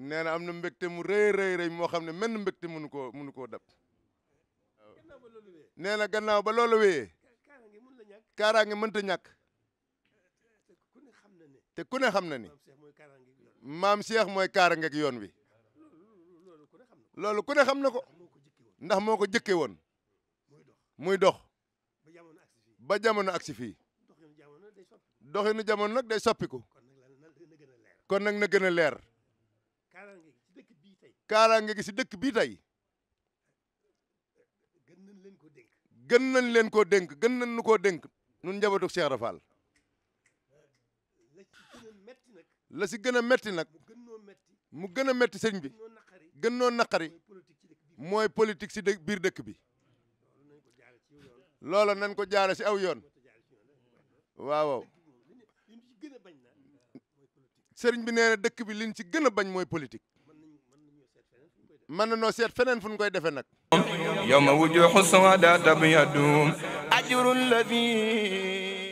nee na am na mbégte mu rëy rëy rey moo xam ne menn mbégte mënu koo mënu koo dab nee na gannaaw ba loolu wéyee kaaraange mënta ñàkk te ku ne xam na ni maam Cheikh mooy kaaraange ak yoon wi loolu ku ne xam na ko ndax moo ko jëkke woon muy dox ba jamono agsi fii doxinu jamono nag day soppiku kon nag na gën a leer kaaraange gi si dëkk bii tey gën nañ leen koo dénk gën nañ leen koo dénk gën nañ nu koo dénk nun njabootu Cheikh Ibra Fall la si gën a metti nag mu gën a metti sëñ bi gën noo naqari mooy politique si dëkk biir dëkk bi looloo nañ ko jaare si aw yoon waaw waaw sëriñ bi nee na dëkk bi liñ ci gën a bañ mooy politique mën na noo seet feneen fu ñu koy defee nag yawma wujuhu sawadata biyadum ajrul ladhi